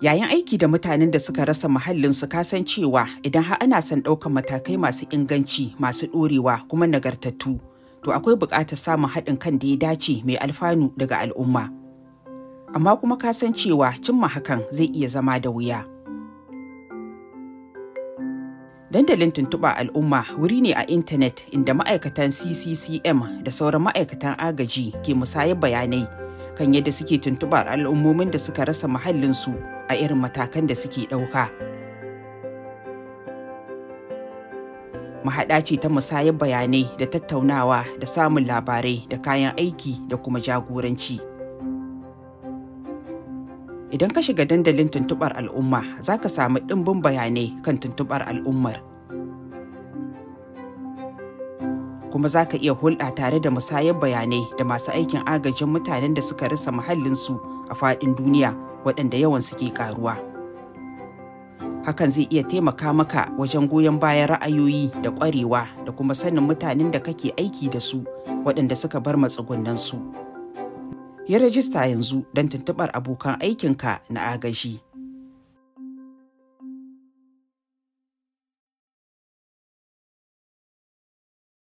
Yayin aiki da mutanen da suka rasa muhallinsu kasan cewa idan har ana son ɗaukar matakai masu inganci, masu ɗorewa kuma nagartattu, to akwai buƙatar samun haɗin kan da ya dace mai alfanu daga al'umma. Amma kuma kasan cewa cimma hakan zai iya zama da wuya. Dandalin tuntuɓa al'umma wuri ne a intanet inda ma'aikatan CCCM da sauran ma'aikatan agaji ke musayar bayanai kan yadda suke tuntuɓar al'ummomin da suka rasa muhallinsu a irin matakan da suke ɗauka. Mahaɗa ce ta musayar bayanai da tattaunawa da samun labarai da kayan aiki da kuma jagoranci. Idan ka shiga dandalin tuntuɓar al'umma za ka samu ɗimbin bayanai kan tuntuɓar al'ummar. kuma za ka iya hulɗa tare da musayar bayanai da masu aikin agajin mutanen da suka rasa muhallinsu a faɗin duniya waɗanda yawan suke ƙaruwa. Hakan zai iya taimaka maka wajen goyon bayan ra'ayoyi da ƙwarewa da kuma sanin mutanen da kake aiki da su waɗanda suka bar matsugunansu. su. yi rajista yanzu don tuntuɓar abokan aikinka na agaji.